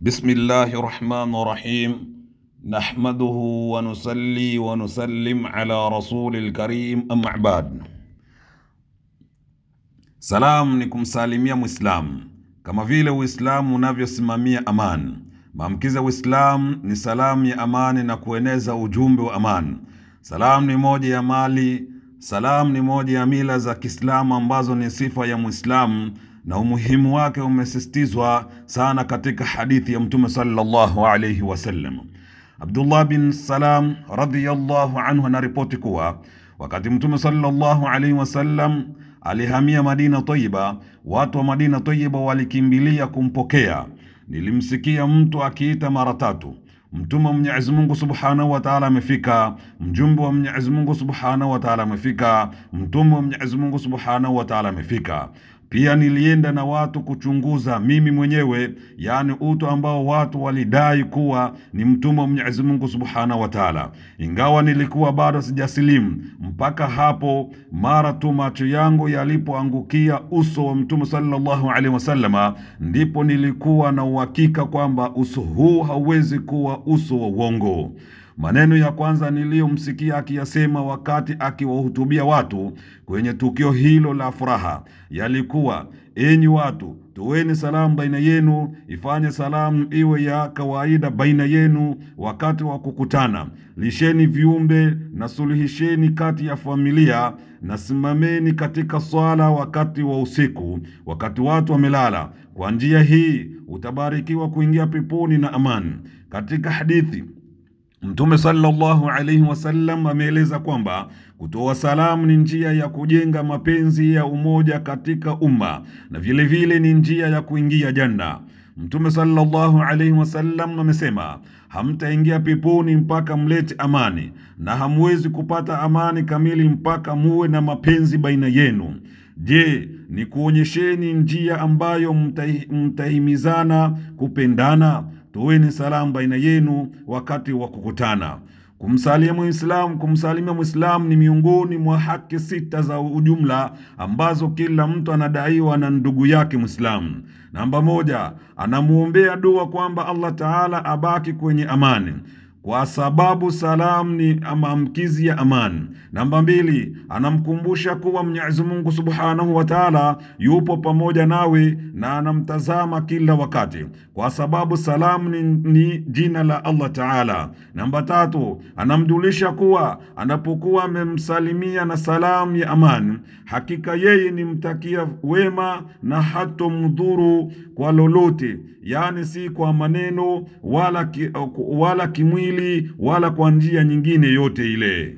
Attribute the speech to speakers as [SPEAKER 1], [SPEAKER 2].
[SPEAKER 1] بسم الله الرحمن الرحيم نحمده ونصلي ونسلم على رسول الكريم أما Salam ni kumsalimia Muislamu kama vile Uislamu unavyosimamia amani. Maamkiza Uislamu ni salamu ya amani na kueneza ujumbe wa amani. Salamu ni moja ya mali, salamu ni moja ya mila za Kiislamu ambazo ni sifa ya Muislamu na umuhimu wake umesisitizwa sana katika hadithi ya Mtume sallallahu alayhi wasallam. Abdullah bin Salam radhiyallahu anhu anaripoti kuwa wakati Mtume sallallahu alayhi wasallam alihamia Madina Tayyiba, watu wa Madina Tayyiba walikimbilia kumpokea. Nilimsikia mtu akiita mara tatu, Mtume wa Mwenyezi Mungu subhanahu wa taala amefika, mjumbe wa Mwenyezi Mungu subhanahu wa taala amefika, Mtume wa Mwenyezi Mungu subhanahu wa taala amefika. Pia nilienda na watu kuchunguza mimi mwenyewe, yaani utu ambao watu walidai kuwa ni mtumwa wa Mwenyezi Mungu subhanahu wa taala, ingawa nilikuwa bado sijasilimu mpaka hapo. Mara tu macho yangu yalipoangukia uso wa Mtume sallallahu alaihi wasallama, ndipo nilikuwa na uhakika kwamba uso huu hauwezi kuwa uso wa uongo. Maneno ya kwanza niliyomsikia akiyasema wakati akiwahutubia watu kwenye tukio hilo la furaha yalikuwa, enyi watu, toweni salamu baina yenu, ifanye salamu iwe ya kawaida baina yenu wakati wa kukutana. Lisheni viumbe na suluhisheni kati ya familia, na simameni katika swala wakati wa usiku, wakati watu wamelala. Kwa njia hii utabarikiwa kuingia peponi na amani. Katika hadithi Mtume sallallahu alaihi wasallam ameeleza kwamba kutoa salamu ni njia ya kujenga mapenzi ya umoja katika umma na vilevile vile ni njia ya kuingia janna. Mtume sallallahu alaihi wasallam amesema, hamtaingia peponi mpaka mlete amani, na hamwezi kupata amani kamili mpaka muwe na mapenzi baina yenu. Je, ni kuonyesheni njia ambayo mtahimizana kupendana toweni salamu baina yenu wakati wa kukutana. Kumsalia Muislamu, kumsalimia Muislamu ni miongoni mwa haki sita za ujumla ambazo kila mtu anadaiwa na ndugu yake Muislamu. Namba moja, anamuombea dua kwamba Allah Taala abaki kwenye amani kwa sababu salamu ni maamkizi ya amani. Namba mbili, anamkumbusha kuwa Mwenyezi Mungu Subhanahu wa Ta'ala yupo pamoja nawe na anamtazama kila wakati, kwa sababu salamu ni, ni jina la Allah Ta'ala. Namba tatu, anamjulisha kuwa anapokuwa amemsalimia na salamu ya amani, hakika yeye ni mtakia wema na hatomdhuru kwa lolote, yaani si kwa maneno wala, ki, wala kimwili kweli wala kwa njia nyingine yote ile.